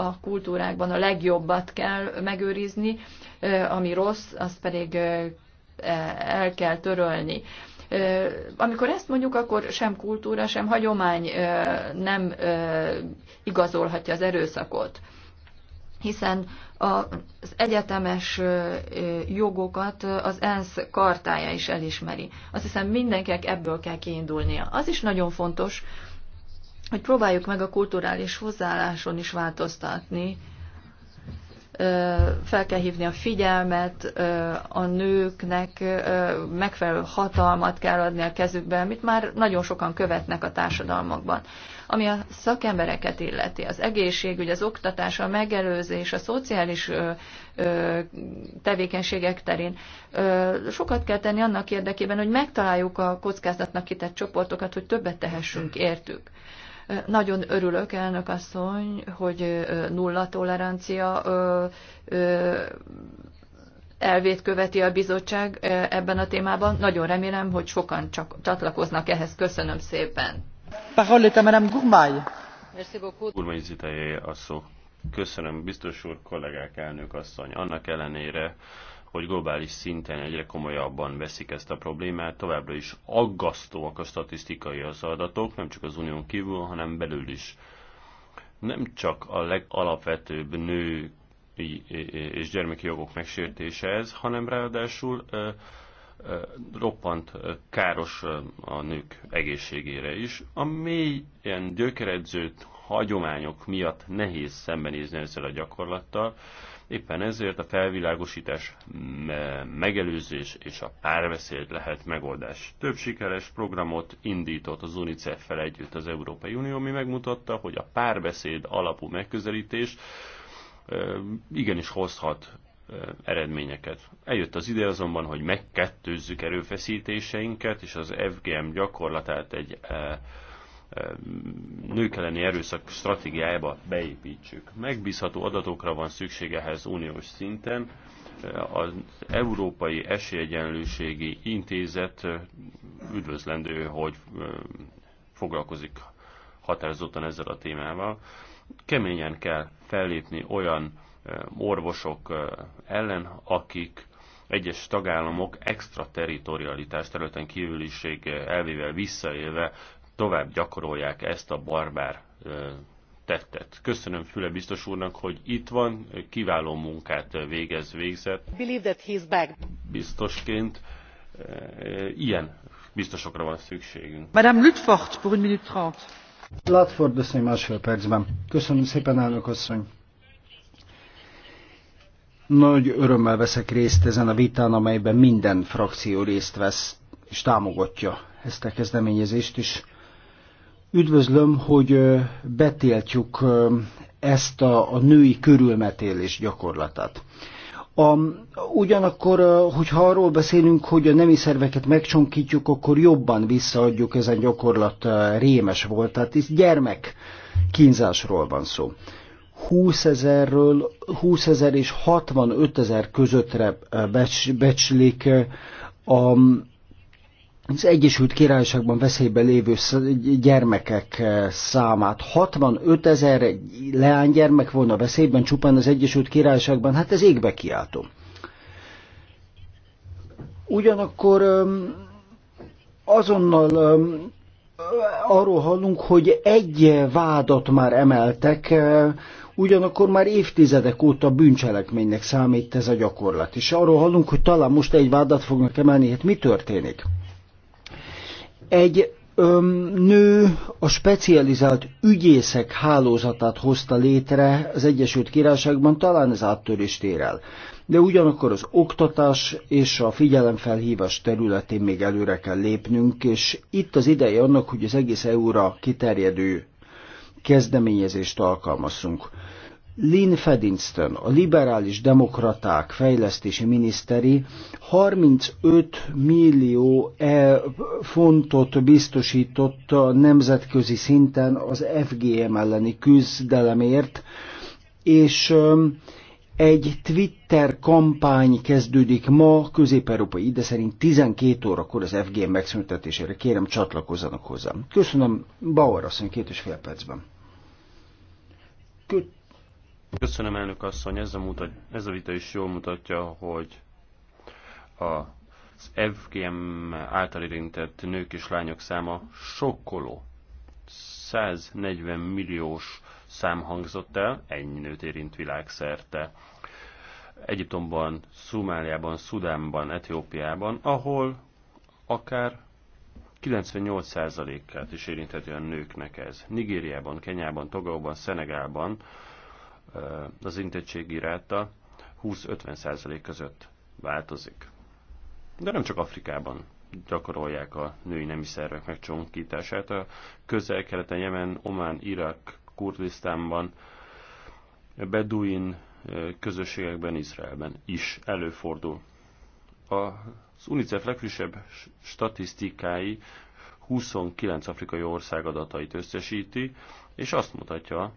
a kultúrákban a legjobbat kell megőrizni, ami rossz, azt pedig e, el kell törölni. Amikor ezt mondjuk, akkor sem kultúra, sem hagyomány nem igazolhatja az erőszakot hiszen az egyetemes jogokat az ENSZ kartája is elismeri. Azt hiszem mindenkinek ebből kell kiindulnia. Az is nagyon fontos, hogy próbáljuk meg a kulturális hozzáálláson is változtatni. Fel kell hívni a figyelmet, a nőknek megfelelő hatalmat kell adni a kezükbe, amit már nagyon sokan követnek a társadalmakban. Ami a szakembereket illeti, az egészségügy, az oktatás, a megelőzés, a szociális tevékenységek terén sokat kell tenni annak érdekében, hogy megtaláljuk a kockázatnak kitett csoportokat, hogy többet tehessünk értük. Nagyon örülök, elnök asszony, hogy nulla tolerancia elvét követi a bizottság ebben a témában. Nagyon remélem, hogy sokan csak csatlakoznak ehhez. Köszönöm szépen. Parole est a szó. Köszönöm, biztos úr, kollégák, elnök asszony. Annak ellenére, hogy globális szinten egyre komolyabban veszik ezt a problémát, továbbra is aggasztóak a statisztikai az adatok, nem csak az unión kívül, hanem belül is. Nem csak a legalapvetőbb nő és gyermeki jogok megsértése ez, hanem ráadásul roppant káros a nők egészségére is. A mélyen gyökeredzőt hagyományok miatt nehéz szembenézni ezzel a gyakorlattal, Éppen ezért a felvilágosítás, megelőzés és a párbeszéd lehet megoldás. Több sikeres programot indított az UNICEF-fel együtt az Európai Unió, ami megmutatta, hogy a párbeszéd alapú megközelítés igenis hozhat eredményeket. Eljött az ide azonban, hogy megkettőzzük erőfeszítéseinket, és az FGM gyakorlatát egy nők elleni erőszak stratégiájába beépítsük. Megbízható adatokra van szükség ehhez uniós szinten. Az Európai Esélyegyenlőségi Intézet üdvözlendő, hogy foglalkozik határozottan ezzel a témával. Keményen kell fellépni olyan orvosok ellen, akik egyes tagállamok extraterritorialitás területen kívüliség elvével visszaélve tovább gyakorolják ezt a barbár tettet. Köszönöm Füle biztos úrnak, hogy itt van, kiváló munkát végez, végzett. Biztosként ilyen biztosokra van szükségünk. Madame Lutfort, pour une minute trente. de asszony másfél percben. Köszönöm szépen, elnök asszony. Nagy örömmel veszek részt ezen a vitán, amelyben minden frakció részt vesz és támogatja ezt a kezdeményezést, és Üdvözlöm, hogy betiltjuk ezt a, a női körülmetélés gyakorlatát. A, ugyanakkor, hogyha arról beszélünk, hogy a nemi szerveket megcsonkítjuk, akkor jobban visszaadjuk ezen gyakorlat rémes volt. Tehát itt gyermek kínzásról van szó. 20 ezerről 20 ezer és 65 ezer közöttre becs, becslik a, az Egyesült Királyságban veszélyben lévő gyermekek eh, számát. 65 ezer leánygyermek volna veszélyben csupán az Egyesült Királyságban, hát ez égbe kiáltó. Ugyanakkor azonnal arról hallunk, hogy egy vádat már emeltek, eh, ugyanakkor már évtizedek óta bűncselekménynek számít ez a gyakorlat. És arról hallunk, hogy talán most egy vádat fognak emelni, hát mi történik? Egy öm, nő a specializált ügyészek hálózatát hozta létre az Egyesült Királyságban, talán ez áttörést ér el. De ugyanakkor az oktatás és a figyelemfelhívás területén még előre kell lépnünk, és itt az ideje annak, hogy az egész EU-ra kiterjedő kezdeményezést alkalmazzunk. Lynn Fedinston, a liberális demokraták fejlesztési miniszteri 35 millió e fontot biztosított a nemzetközi szinten az FGM elleni küzdelemért, és egy Twitter kampány kezdődik ma közép-európai ide szerint 12 órakor az FGM megszüntetésére. Kérem, csatlakozzanak hozzám. Köszönöm, Bauer asszony, két és fél percben. Köt Köszönöm, elnök asszony, ez a, mutat, ez a vita is jól mutatja, hogy a az FGM által érintett nők és lányok száma sokkoló. 140 milliós szám hangzott el, ennyi nőt érint világszerte. Egyiptomban, Szumáliában, Szudánban, Etiópiában, ahol akár 98%-át is érintheti a nőknek ez. Nigériában, Kenyában, Togóban, Szenegálban az intettségi ráta 20-50% között változik. De nem csak Afrikában gyakorolják a női nemi szervek megcsonkítását. A közel-keleten, Jemen, Omán, Irak, Kurdisztánban, Beduin közösségekben, Izraelben is előfordul. Az UNICEF legfrissebb statisztikái 29 afrikai ország adatait összesíti, és azt mutatja,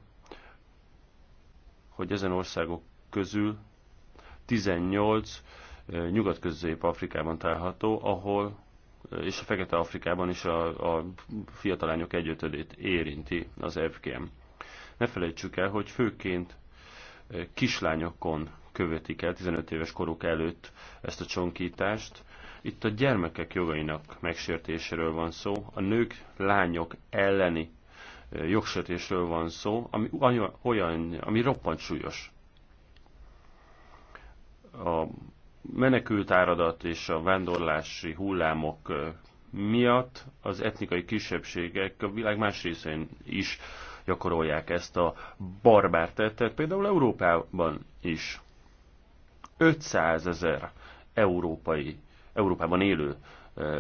hogy ezen országok közül 18 nyugat-közép-Afrikában található, ahol és a Fekete Afrikában is a, a fiatalányok egyötödét érinti az FGM. Ne felejtsük el, hogy főként kislányokon követik el 15 éves koruk előtt ezt a csonkítást. Itt a gyermekek jogainak megsértéséről van szó, a nők, lányok elleni jogsötésről van szó, ami olyan, ami roppant súlyos. A menekült áradat és a vándorlási hullámok miatt az etnikai kisebbségek a világ más részén is gyakorolják ezt a barbár tettet, például Európában is. 500 ezer európai, Európában élő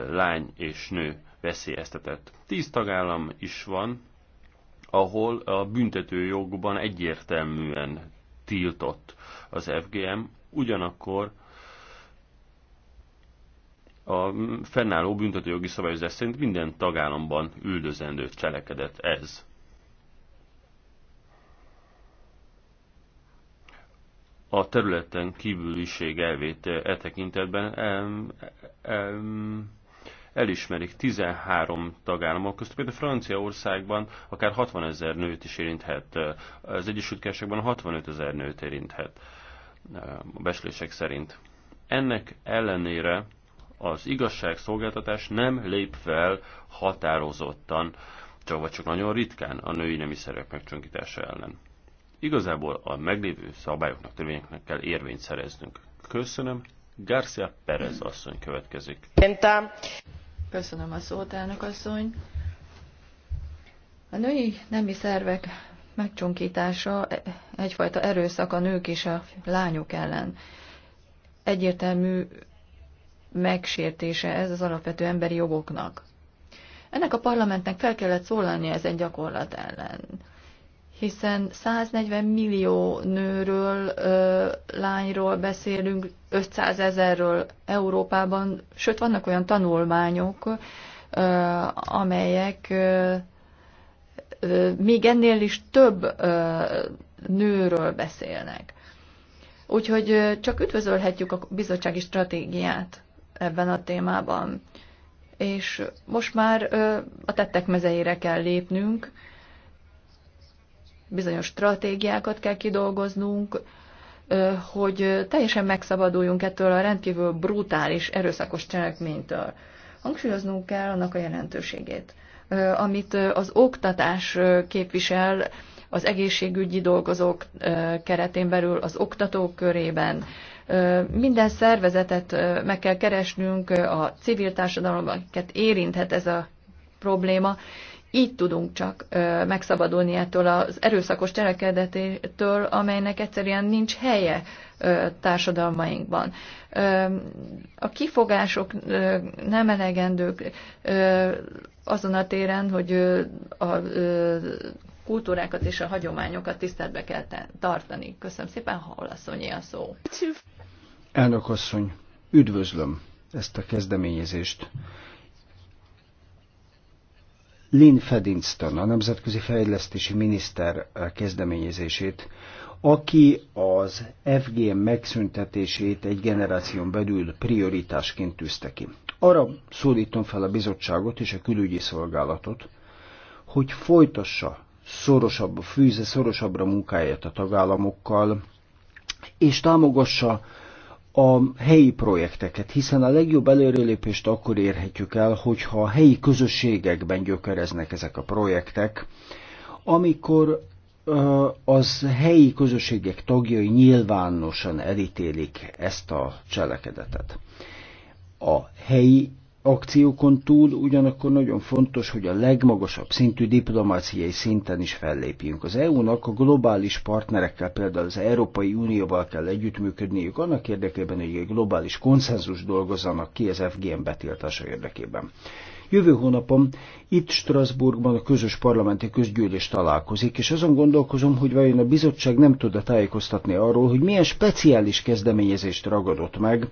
lány és nő veszélyeztetett. Tíz tagállam is van, ahol a büntetőjogban egyértelműen tiltott az FGM, ugyanakkor a fennálló büntetőjogi szabályozás szerint minden tagállamban üldözendő cselekedet ez. A területen kívüliség elvét e tekintetben em, em, elismerik 13 tagállamok között. Például Franciaországban akár 60 ezer nőt is érinthet, az Egyesült Királyságban 65 ezer nőt érinthet a beslések szerint. Ennek ellenére az igazságszolgáltatás nem lép fel határozottan, csak vagy csak nagyon ritkán a női nemi szerep megcsonkítása ellen. Igazából a meglévő szabályoknak, törvényeknek kell érvényt szereznünk. Köszönöm. Garcia Perez asszony következik. Köszönöm a szót, elnök asszony. A női nemi szervek megcsonkítása egyfajta erőszak a nők és a lányok ellen. Egyértelmű megsértése ez az alapvető emberi jogoknak. Ennek a parlamentnek fel kellett szólalnia ezen gyakorlat ellen hiszen 140 millió nőről, lányról beszélünk, 500 ezerről Európában, sőt vannak olyan tanulmányok, amelyek még ennél is több nőről beszélnek. Úgyhogy csak üdvözölhetjük a bizottsági stratégiát ebben a témában. És most már a tettek mezeire kell lépnünk, bizonyos stratégiákat kell kidolgoznunk, hogy teljesen megszabaduljunk ettől a rendkívül brutális, erőszakos cselekménytől. Hangsúlyoznunk kell annak a jelentőségét, amit az oktatás képvisel az egészségügyi dolgozók keretén belül, az oktatók körében. Minden szervezetet meg kell keresnünk, a civil társadalomban, akiket érinthet ez a probléma, így tudunk csak ö, megszabadulni ettől az erőszakos cselekedetétől, amelynek egyszerűen nincs helye ö, társadalmainkban. Ö, a kifogások ö, nem elegendők ö, azon a téren, hogy ö, a ö, kultúrákat és a hagyományokat tiszteletbe kell tartani. Köszönöm szépen, ha a szó. Elnök asszony, üdvözlöm ezt a kezdeményezést Lynn Fedinston, a nemzetközi fejlesztési miniszter kezdeményezését, aki az FGM megszüntetését egy generáción belül prioritásként tűzte ki. Arra szólítom fel a bizottságot és a külügyi szolgálatot, hogy folytassa szorosabb, fűze szorosabbra munkáját a tagállamokkal, és támogassa a helyi projekteket, hiszen a legjobb előrelépést akkor érhetjük el, hogyha a helyi közösségekben gyökereznek ezek a projektek, amikor az helyi közösségek tagjai nyilvánosan elítélik ezt a cselekedetet. A helyi akciókon túl ugyanakkor nagyon fontos, hogy a legmagasabb szintű diplomáciai szinten is fellépjünk. Az EU-nak a globális partnerekkel, például az Európai Unióval kell együttműködniük annak érdekében, hogy egy globális konszenzus dolgozzanak ki az FGM betiltása érdekében. Jövő hónapon itt Strasbourgban a közös parlamenti közgyűlés találkozik, és azon gondolkozom, hogy vajon a bizottság nem tud tájékoztatni arról, hogy milyen speciális kezdeményezést ragadott meg,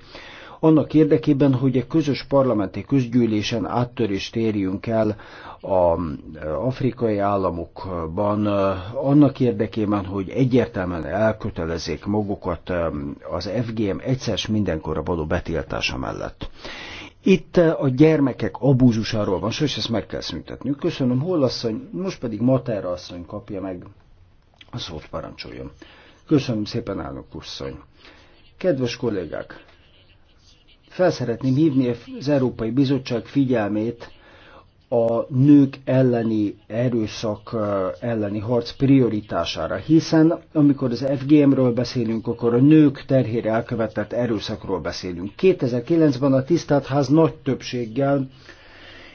annak érdekében, hogy egy közös parlamenti közgyűlésen áttörést érjünk el az eh, afrikai államokban, eh, annak érdekében, hogy egyértelműen elkötelezzék magukat eh, az FGM egyszer mindenkorra való betiltása mellett. Itt a gyermekek abúzusáról van szó, és ezt meg kell szüntetni. Köszönöm, asszony, most pedig Matera asszony kapja meg a szót parancsoljon. Köszönöm szépen, állok asszony. Kedves kollégák, Felszeretném hívni az Európai Bizottság figyelmét a nők elleni erőszak elleni harc prioritására, hiszen amikor az FGM-ről beszélünk, akkor a nők terhére elkövetett erőszakról beszélünk. 2009-ben a tisztelt ház nagy többséggel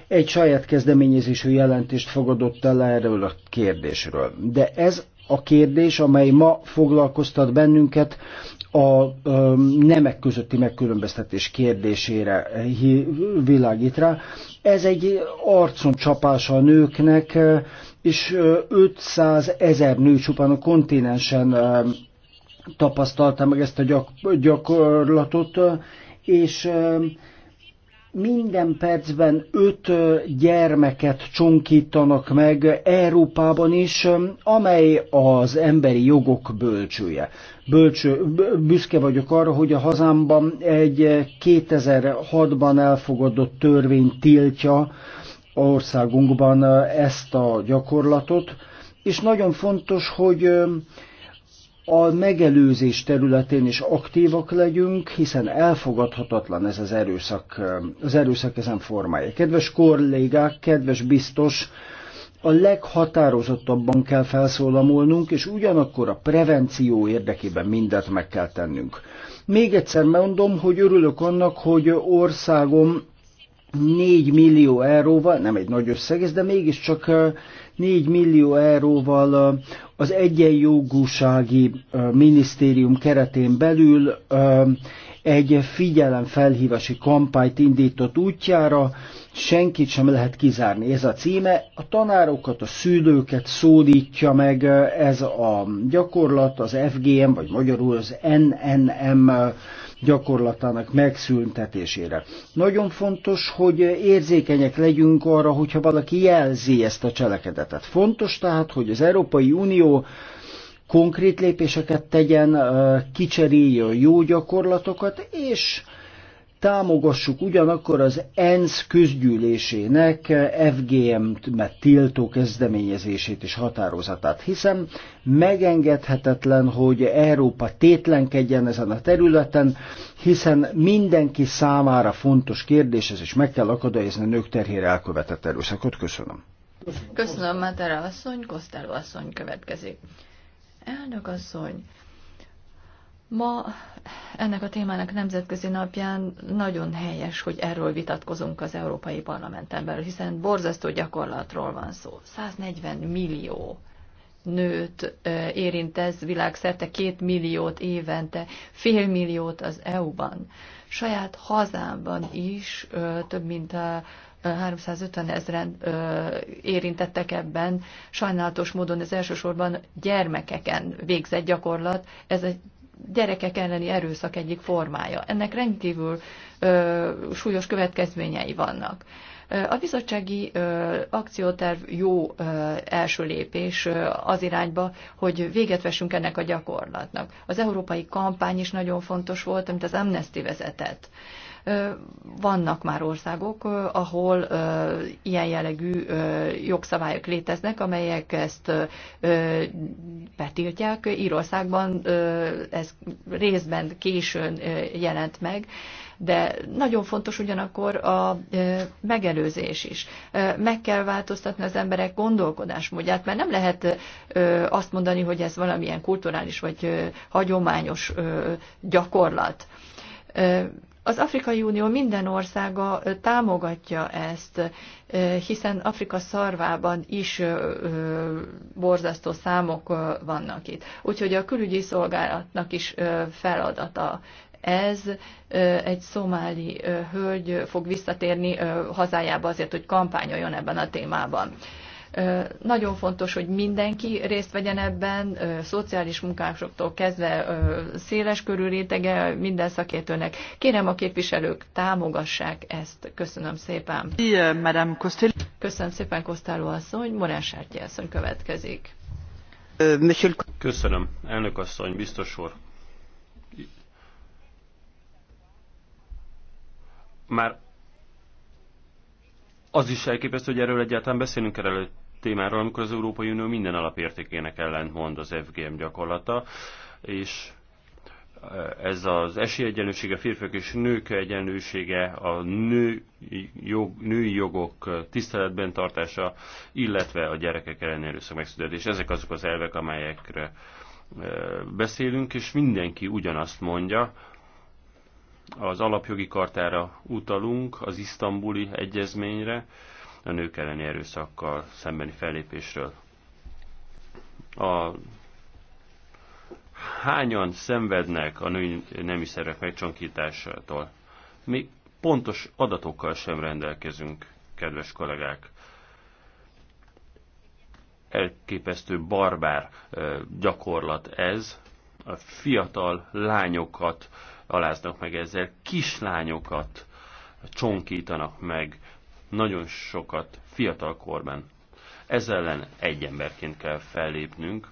egy saját kezdeményezésű jelentést fogadott el erről a kérdésről. De ez a kérdés, amely ma foglalkoztat bennünket, a nemek közötti megkülönböztetés kérdésére világít rá. Ez egy arcon csapása a nőknek, és 500 ezer nő csupán a kontinensen tapasztalta meg ezt a gyakorlatot, és minden percben öt gyermeket csonkítanak meg Európában is, amely az emberi jogok bölcsője. Bölcső, büszke vagyok arra, hogy a hazámban egy 2006-ban elfogadott törvény tiltja országunkban ezt a gyakorlatot, és nagyon fontos, hogy a megelőzés területén is aktívak legyünk, hiszen elfogadhatatlan ez az erőszak, az erőszak ezen formája. Kedves kollégák, kedves biztos, a leghatározottabban kell felszólamolnunk, és ugyanakkor a prevenció érdekében mindent meg kell tennünk. Még egyszer mondom, hogy örülök annak, hogy országom 4 millió euróval, nem egy nagy összeg ez, de mégiscsak 4 millió euróval az egyenjogúsági minisztérium keretén belül egy figyelemfelhívási kampányt indított útjára, senkit sem lehet kizárni. Ez a címe, a tanárokat, a szülőket szólítja meg ez a gyakorlat, az FGM, vagy magyarul az NNM gyakorlatának megszüntetésére. Nagyon fontos, hogy érzékenyek legyünk arra, hogyha valaki jelzi ezt a cselekedetet. Fontos tehát, hogy az Európai Unió konkrét lépéseket tegyen, kicserélje a jó gyakorlatokat, és támogassuk ugyanakkor az ENSZ közgyűlésének FGM-et tiltó kezdeményezését és határozatát, hiszen megengedhetetlen, hogy Európa tétlenkedjen ezen a területen, hiszen mindenki számára fontos kérdés ez, és meg kell akadályozni a nők terhére elkövetett erőszakot. Köszönöm. Köszönöm, Matera asszony, Kosztáló asszony következik. Elnök asszony, Ma ennek a témának nemzetközi napján nagyon helyes, hogy erről vitatkozunk az Európai Parlamenten belül, hiszen borzasztó gyakorlatról van szó. 140 millió nőt érint ez világszerte, két milliót évente, fél milliót az EU-ban. Saját hazámban is több mint a 350 ezeren érintettek ebben. Sajnálatos módon ez elsősorban gyermekeken végzett gyakorlat. Ez egy gyerekek elleni erőszak egyik formája. Ennek rendkívül ö, súlyos következményei vannak. A bizottsági ö, akcióterv jó ö, első lépés ö, az irányba, hogy véget vessünk ennek a gyakorlatnak. Az európai kampány is nagyon fontos volt, amit az Amnesty vezetett. Ö, vannak már országok, ahol ilyen jellegű jogszabályok léteznek, amelyek ezt betiltják. Írországban ez részben későn jelent meg, de nagyon fontos ugyanakkor a megelőzés is. Meg kell változtatni az emberek gondolkodásmódját, mert nem lehet azt mondani, hogy ez valamilyen kulturális vagy hagyományos gyakorlat az Afrikai Unió minden országa támogatja ezt, hiszen Afrika szarvában is borzasztó számok vannak itt. Úgyhogy a külügyi szolgálatnak is feladata ez egy szomáli hölgy fog visszatérni hazájába azért, hogy kampányoljon ebben a témában. Nagyon fontos, hogy mindenki részt vegyen ebben, szociális munkásoktól kezdve széles körű rétege minden szakértőnek. Kérem a képviselők, támogassák ezt. Köszönöm szépen. Eh, Köszönöm szépen, Kosztáló asszony. Morán Sártyi asszony következik. Eh, Köszönöm, elnök asszony, biztos úr. Már az is elképesztő, hogy erről egyáltalán beszélünk, erről témáról, amikor az Európai Unió minden alapértékének mond az FGM gyakorlata, és eh, ez az esélyegyenlősége, a férfiak és nők egyenlősége, a nő, jog, női jogok tiszteletben tartása, illetve a gyerekek elleni erőszak megszületés. Ezek azok az elvek, amelyekre eh, beszélünk, és mindenki ugyanazt mondja, az alapjogi kartára utalunk, az isztambuli egyezményre, a nők elleni erőszakkal szembeni fellépésről. A hányan szenvednek a női nemi szervek megcsonkításától? Mi pontos adatokkal sem rendelkezünk, kedves kollégák. Elképesztő barbár gyakorlat ez. A fiatal lányokat aláznak meg ezzel, kislányokat csonkítanak meg nagyon sokat fiatal korban. Ez ellen egy emberként kell fellépnünk.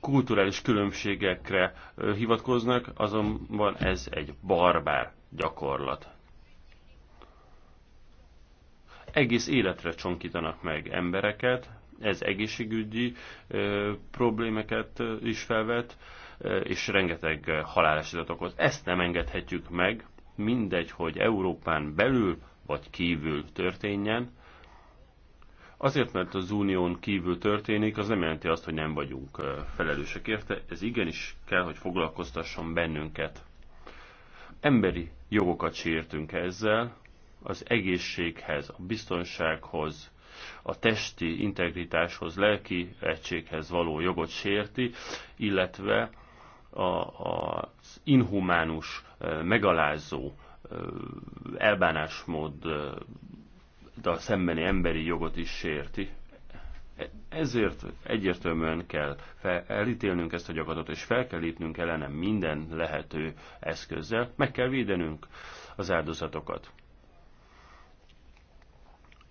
Kulturális különbségekre hivatkoznak, azonban ez egy barbár gyakorlat. Egész életre csonkítanak meg embereket, ez egészségügyi ö, problémeket is felvet, és rengeteg halálesetet okoz. Ezt nem engedhetjük meg, mindegy, hogy Európán belül vagy kívül történjen. Azért, mert az unión kívül történik, az nem jelenti azt, hogy nem vagyunk felelősek érte, ez igenis kell, hogy foglalkoztasson bennünket. Emberi jogokat sértünk ezzel, az egészséghez, a biztonsághoz, a testi integritáshoz, lelki egységhez való jogot sérti, illetve a az inhumánus, megalázó a szembeni emberi jogot is sérti. Ezért egyértelműen kell fel, elítélnünk ezt a gyakorlatot, és fel kell lépnünk ellene minden lehető eszközzel, meg kell védenünk az áldozatokat.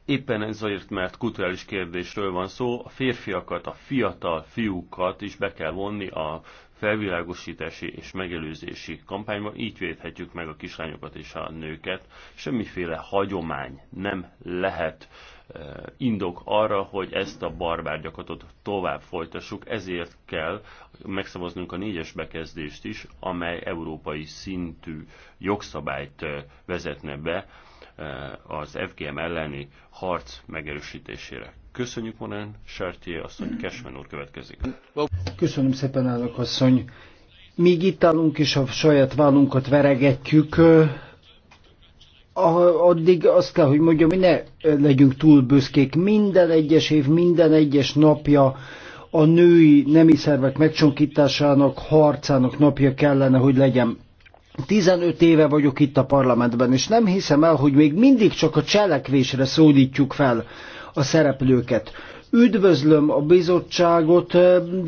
Éppen ezért, mert kulturális kérdésről van szó, a férfiakat, a fiatal fiúkat is be kell vonni a felvilágosítási és megelőzési kampányban így védhetjük meg a kislányokat és a nőket. Semmiféle hagyomány nem lehet eh, indok arra, hogy ezt a barbár gyakorlatot tovább folytassuk, ezért kell megszavaznunk a négyes bekezdést is, amely európai szintű jogszabályt eh, vezetne be, Eh, az FGM elleni harc megerősítésére. Köszönjük Monán, Sartier asszony, Kesmen úr következik. Köszönöm szépen, elnök asszony. Míg itt állunk és a saját vállunkat veregetjük, eh, addig azt kell, hogy mondjam, hogy ne legyünk túl büszkék. Minden egyes év, minden egyes napja a női nemi szervek megcsonkításának, harcának napja kellene, hogy legyen. 15 éve vagyok itt a parlamentben, és nem hiszem el, hogy még mindig csak a cselekvésre szólítjuk fel a szereplőket. Üdvözlöm a bizottságot,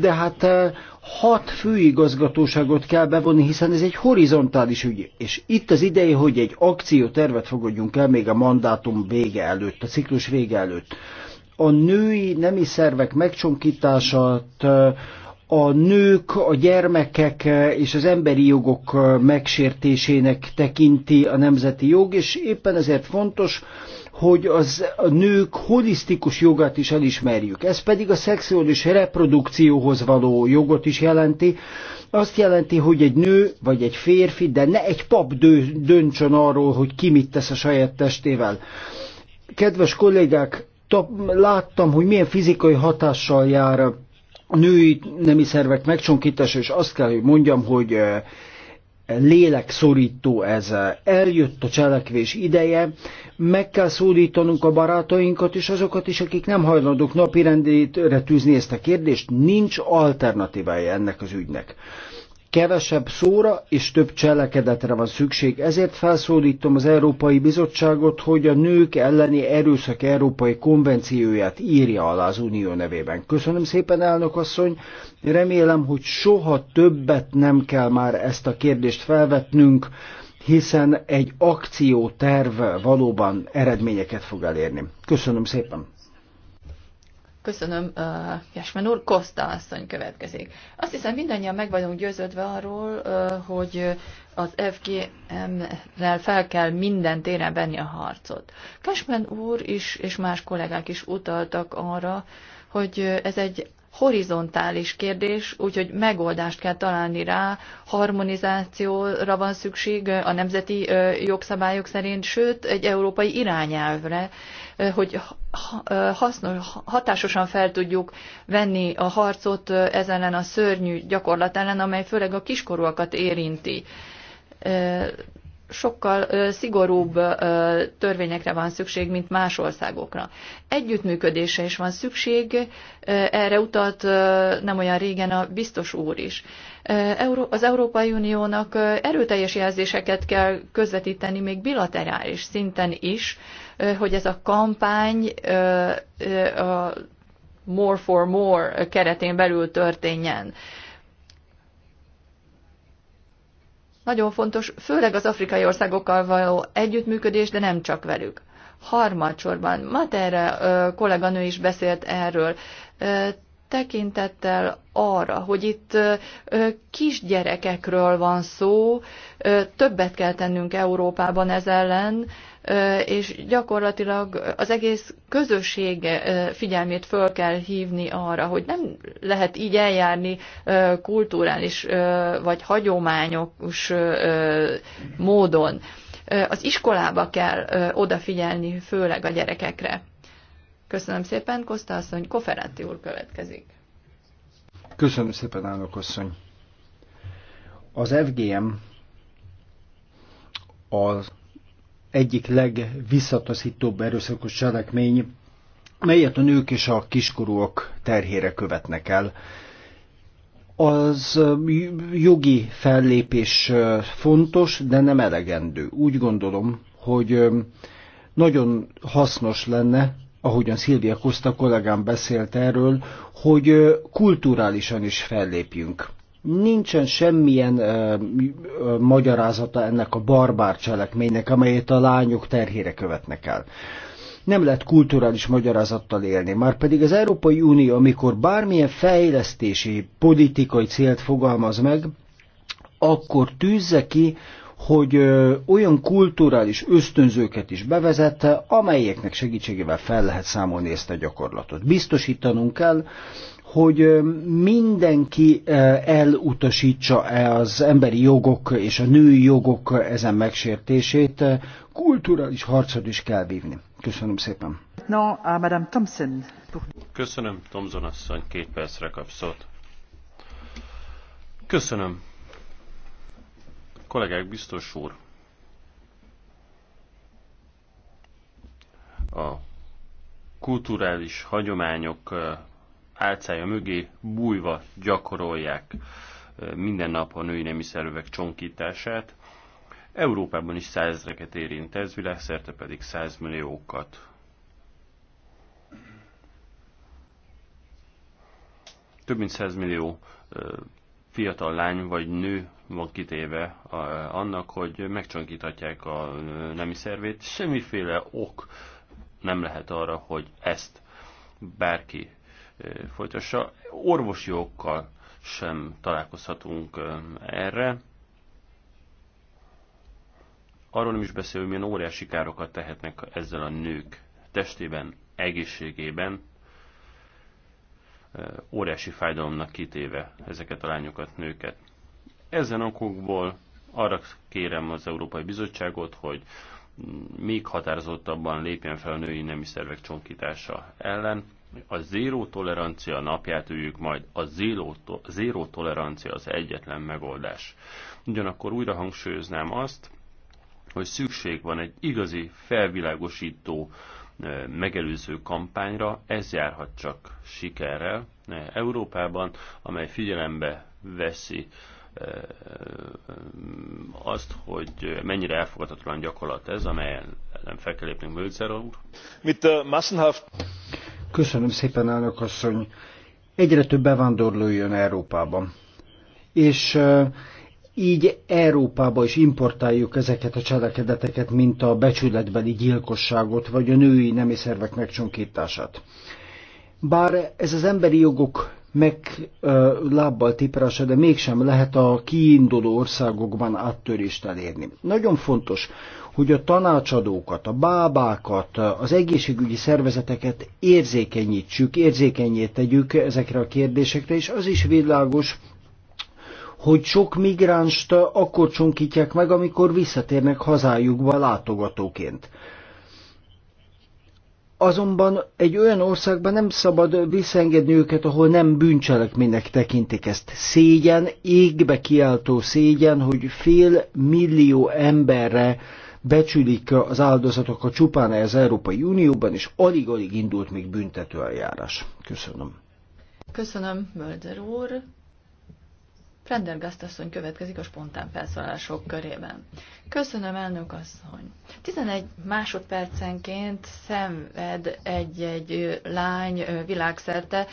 de hát eh, hat főigazgatóságot kell bevonni, hiszen ez egy horizontális ügy, és itt az ideje, hogy egy akciótervet fogadjunk el még a mandátum vége előtt, a ciklus vége előtt. A női nemi szervek megcsonkítását eh, a nők, a gyermekek és az emberi jogok megsértésének tekinti a nemzeti jog, és éppen ezért fontos, hogy az a nők holisztikus jogát is elismerjük. Ez pedig a szexuális reprodukcióhoz való jogot is jelenti. Azt jelenti, hogy egy nő vagy egy férfi, de ne egy pap dő, döntsön arról, hogy ki mit tesz a saját testével. Kedves kollégák, láttam, hogy milyen fizikai hatással jár a női nemi szervek megcsonkítása, és azt kell, hogy mondjam, hogy lélekszorító ez. Eljött a cselekvés ideje, meg kell szólítanunk a barátainkat és azokat is, akik nem hajlandók napirendre tűzni ezt a kérdést, nincs alternatívája ennek az ügynek. Kevesebb szóra és több cselekedetre van szükség, ezért felszólítom az Európai Bizottságot, hogy a nők elleni erőszak Európai Konvencióját írja alá az Unió nevében. Köszönöm szépen, elnök asszony, remélem, hogy soha többet nem kell már ezt a kérdést felvetnünk, hiszen egy akcióterv valóban eredményeket fog elérni. Köszönöm szépen! Köszönöm, uh, Jasmen úr. Kosta asszony következik. Azt hiszem mindannyian meg vagyunk győződve arról, uh, hogy az FGM-rel fel kell minden téren venni a harcot. Kasmen úr is és más kollégák is utaltak arra, hogy ez egy horizontális kérdés, úgyhogy megoldást kell találni rá, harmonizációra van szükség a nemzeti jogszabályok szerint, sőt egy európai irányelvre, hogy hasznos, hatásosan fel tudjuk venni a harcot ezen ellen a szörnyű gyakorlat ellen, amely főleg a kiskorúakat érinti sokkal ö, szigorúbb ö, törvényekre van szükség, mint más országokra. Együttműködése is van szükség, erre utalt nem olyan régen a biztos úr is. az Európai Uniónak erőteljes jelzéseket kell közvetíteni még bilaterális szinten is, hogy ez a kampány a More for More keretén belül történjen Nagyon fontos, főleg az afrikai országokkal való együttműködés, de nem csak velük. Harmadsorban, Materre kolléganő is beszélt erről, tekintettel arra, hogy itt kisgyerekekről van szó, többet kell tennünk Európában ez ellen, és gyakorlatilag az egész közösség figyelmét föl kell hívni arra, hogy nem lehet így eljárni kulturális vagy hagyományos módon. Az iskolába kell odafigyelni, főleg a gyerekekre. Köszönöm szépen, Kosta asszony, Koferenti úr következik. Köszönöm szépen, állok asszony. Az FGM az egyik legvisszataszítóbb erőszakos cselekmény, melyet a nők és a kiskorúak terhére követnek el. Az jogi fellépés fontos, de nem elegendő. Úgy gondolom, hogy nagyon hasznos lenne, ahogyan Szilvia Koszta kollégám beszélt erről, hogy kulturálisan is fellépjünk. Nincsen semmilyen ö, ö, magyarázata ennek a barbár cselekménynek, amelyet a lányok terhére követnek el nem lehet kulturális magyarázattal élni. Már pedig az Európai Unió, amikor bármilyen fejlesztési, politikai célt fogalmaz meg, akkor tűzze ki, hogy ö, olyan kulturális ösztönzőket is bevezette, amelyeknek segítségével fel lehet számolni ezt a gyakorlatot. Biztosítanunk kell, hogy mindenki elutasítsa -e az emberi jogok és a női jogok ezen megsértését, kulturális harcot is kell vívni. Köszönöm szépen. No, a Madame Thompson. Köszönöm, Thompson asszony, két percre kapszott. Köszönöm. Kollégák, biztos úr. A kulturális hagyományok álcája mögé bújva gyakorolják minden nap a női nemi szervek csonkítását. Európában is százreket érint ez, világszerte pedig százmilliókat. Több mint százmillió fiatal lány vagy nő van kitéve annak, hogy megcsonkíthatják a nemi szervét. Semmiféle ok nem lehet arra, hogy ezt bárki folytassa. Orvosi okkal sem találkozhatunk erre. Arról nem is hogy milyen óriási károkat tehetnek ezzel a nők testében, egészségében, óriási fájdalomnak kitéve ezeket a lányokat, nőket. Ezen okokból arra kérem az Európai Bizottságot, hogy még határozottabban lépjen fel a női nemi szervek csonkítása ellen, a zéró tolerancia napját üljük majd. A zéró, to zéró tolerancia az egyetlen megoldás. Ugyanakkor újra hangsúlyoznám azt, hogy szükség van egy igazi felvilágosító megelőző kampányra, ez járhat csak sikerrel Európában, amely figyelembe veszi azt, hogy mennyire elfogadhatatlan gyakorlat ez, amelyen ellen fel kell lépnünk Mit uh, massenhaft Köszönöm szépen, elnök asszony. Egyre több bevándorló jön Európába, És így Európába is importáljuk ezeket a cselekedeteket, mint a becsületbeli gyilkosságot, vagy a női nemi szervek megcsonkítását. Bár ez az emberi jogok meg uh, lábbal tiprása, de mégsem lehet a kiinduló országokban áttörést elérni. Nagyon fontos, hogy a tanácsadókat, a bábákat, az egészségügyi szervezeteket érzékenyítsük, érzékenyét tegyük ezekre a kérdésekre, és az is világos, hogy sok migránst akkor csonkítják meg, amikor visszatérnek hazájukba látogatóként. Azonban egy olyan országban nem szabad visszaengedni őket, ahol nem bűncselekménynek tekintik ezt. Szégyen, égbe kiáltó szégyen, hogy fél millió emberre becsülik az áldozatokat csupán az Európai Unióban, és alig-alig indult még büntető eljárás. Köszönöm. Köszönöm, Mölder úr. Prendergast asszony következik a spontán felszólalások körében. Köszönöm, elnök asszony. 11 másodpercenként szenved egy-egy lány világszerte,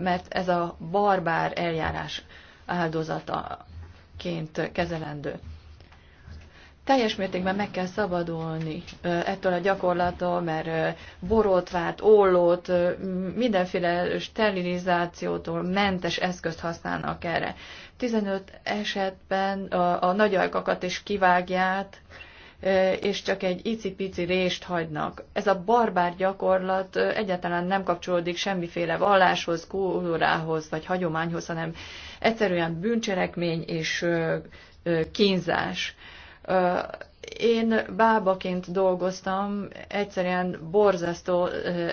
mert ez a barbár eljárás áldozataként kezelendő teljes mértékben meg kell szabadulni ettől a gyakorlattól, mert borotvát, ollót, mindenféle sterilizációtól mentes eszközt használnak erre. 15 esetben a, a nagyajkakat is kivágják, és csak egy icipici rést hagynak. Ez a barbár gyakorlat egyáltalán nem kapcsolódik semmiféle valláshoz, kultúrához vagy hagyományhoz, hanem egyszerűen bűncselekmény és kínzás én bábaként dolgoztam, egyszerűen borzasztó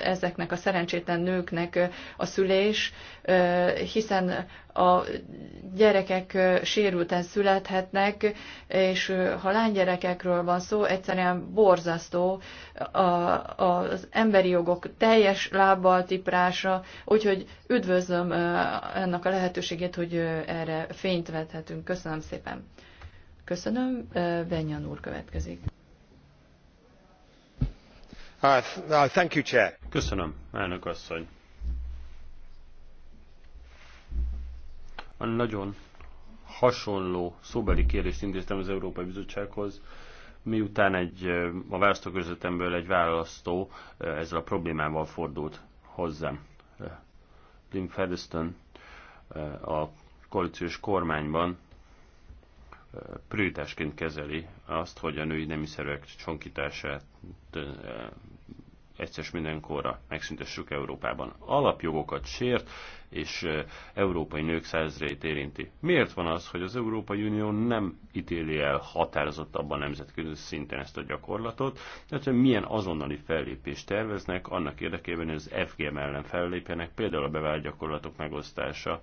ezeknek a szerencsétlen nőknek a szülés, hiszen a gyerekek sérülten születhetnek, és ha lánygyerekekről van szó, egyszerűen borzasztó az emberi jogok teljes lábbal tiprása, úgyhogy üdvözlöm ennek a lehetőségét, hogy erre fényt vethetünk. Köszönöm szépen! Köszönöm, Benyan úr következik. Uh, thank you, Chair. Köszönöm, elnök asszony. A nagyon hasonló szóbeli kérdést intéztem az Európai Bizottsághoz, miután egy, a választókörzetemből egy választó ezzel a problémával fordult hozzám. Lynn Featherston a koalíciós kormányban prioritásként kezeli azt, hogy a női nemiszerűek csonkítását egyszer mindenkorra megszüntessük Európában. Alapjogokat sért, és európai nők százrét érinti. Miért van az, hogy az Európai Unió nem ítéli el határozottabban nemzetközi szinten ezt a gyakorlatot, tehát hogy milyen azonnali fellépést terveznek annak érdekében, hogy az FGM ellen fellépjenek, például a bevált gyakorlatok megosztása,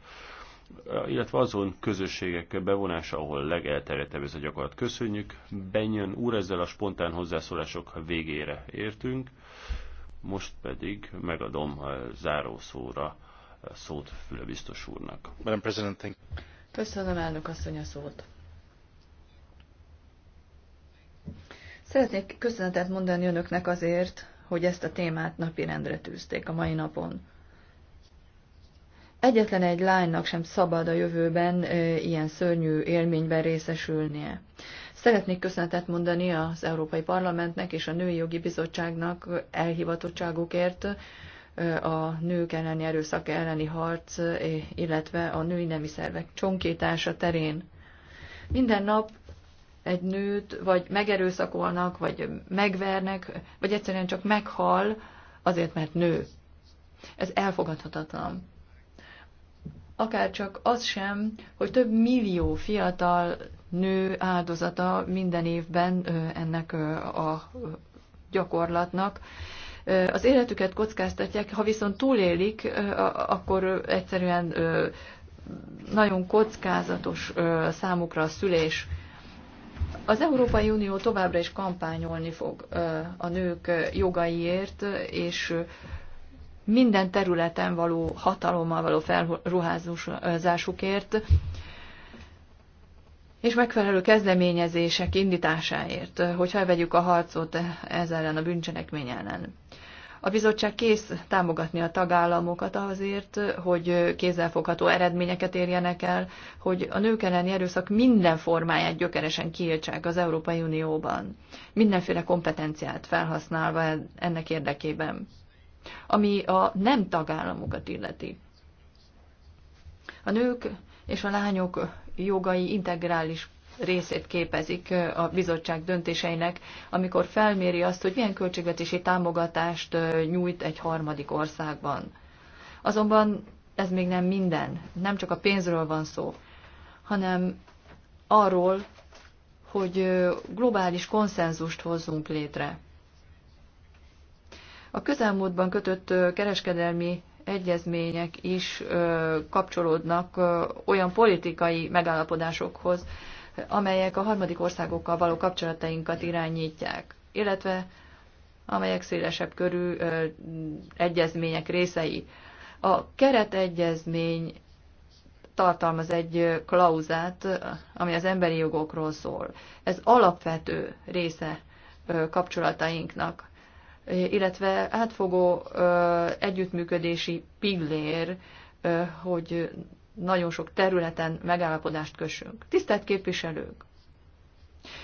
illetve azon közösségek bevonása, ahol legelterjedtebb ez a gyakorlat. Köszönjük. Benjön úr, ezzel a spontán hozzászólások végére értünk. Most pedig megadom a zárószóra a szót Füle biztos úrnak. Köszönöm, elnök asszony a szót. Szeretnék köszönetet mondani önöknek azért, hogy ezt a témát napirendre tűzték a mai napon egyetlen egy lánynak sem szabad a jövőben ilyen szörnyű élményben részesülnie. Szeretnék köszönetet mondani az Európai Parlamentnek és a Női Jogi Bizottságnak elhivatottságukért a nők elleni erőszak elleni harc, illetve a női nemi szervek csonkítása terén. Minden nap egy nőt vagy megerőszakolnak, vagy megvernek, vagy egyszerűen csak meghal azért, mert nő. Ez elfogadhatatlan akár csak az sem, hogy több millió fiatal nő áldozata minden évben ennek a gyakorlatnak. Az életüket kockáztatják, ha viszont túlélik, akkor egyszerűen nagyon kockázatos számukra a szülés. Az Európai Unió továbbra is kampányolni fog a nők jogaiért, és minden területen való hatalommal való felruházásukért, és megfelelő kezdeményezések indításáért, hogy felvegyük a harcot ez ellen a bűncselekmény ellen. A bizottság kész támogatni a tagállamokat azért, hogy kézzelfogható eredményeket érjenek el, hogy a nők elleni erőszak minden formáját gyökeresen kiértsák az Európai Unióban, mindenféle kompetenciát felhasználva ennek érdekében ami a nem tagállamokat illeti. A nők és a lányok jogai integrális részét képezik a bizottság döntéseinek, amikor felméri azt, hogy milyen költségvetési támogatást nyújt egy harmadik országban. Azonban ez még nem minden, nem csak a pénzről van szó, hanem arról, hogy globális konszenzust hozzunk létre. A közelmúltban kötött kereskedelmi egyezmények is kapcsolódnak olyan politikai megállapodásokhoz, amelyek a harmadik országokkal való kapcsolatainkat irányítják, illetve amelyek szélesebb körű egyezmények részei. A keretegyezmény tartalmaz egy klauzát, ami az emberi jogokról szól. Ez alapvető része kapcsolatainknak illetve átfogó együttműködési pillér, hogy nagyon sok területen megállapodást kössünk. Tisztelt képviselők!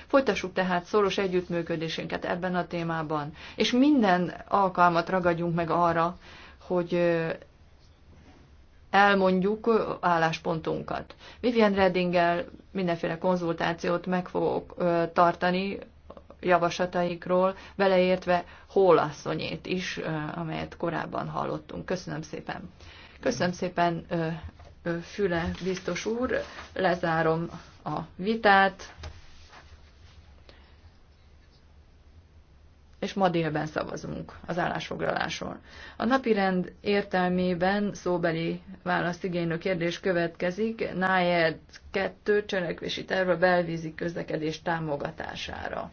Folytassuk tehát szoros együttműködésünket ebben a témában, és minden alkalmat ragadjunk meg arra, hogy elmondjuk álláspontunkat. Vivian Reddinggel mindenféle konzultációt meg fogok tartani javaslataikról, beleértve Hólasszonyét is, amelyet korábban hallottunk. Köszönöm szépen. Köszönöm szépen, Füle biztos úr. Lezárom a vitát. és ma délben szavazunk az állásfoglalásról. A napirend értelmében szóbeli választ igénylő kérdés következik, Nájed 2 cselekvési terve belvízi közlekedés támogatására.